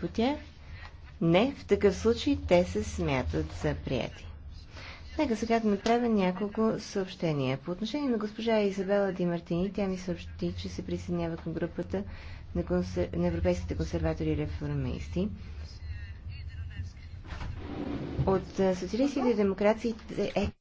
по тях? Не, в такъв случай те се смятат за прияти. Нека сега да направя няколко съобщения. По отношение на госпожа Изабела Димартини, тя ми съобщи, че се присъединява към групата на, консер... на европейските консерватори и реформисти. От социалистите и демокрациите е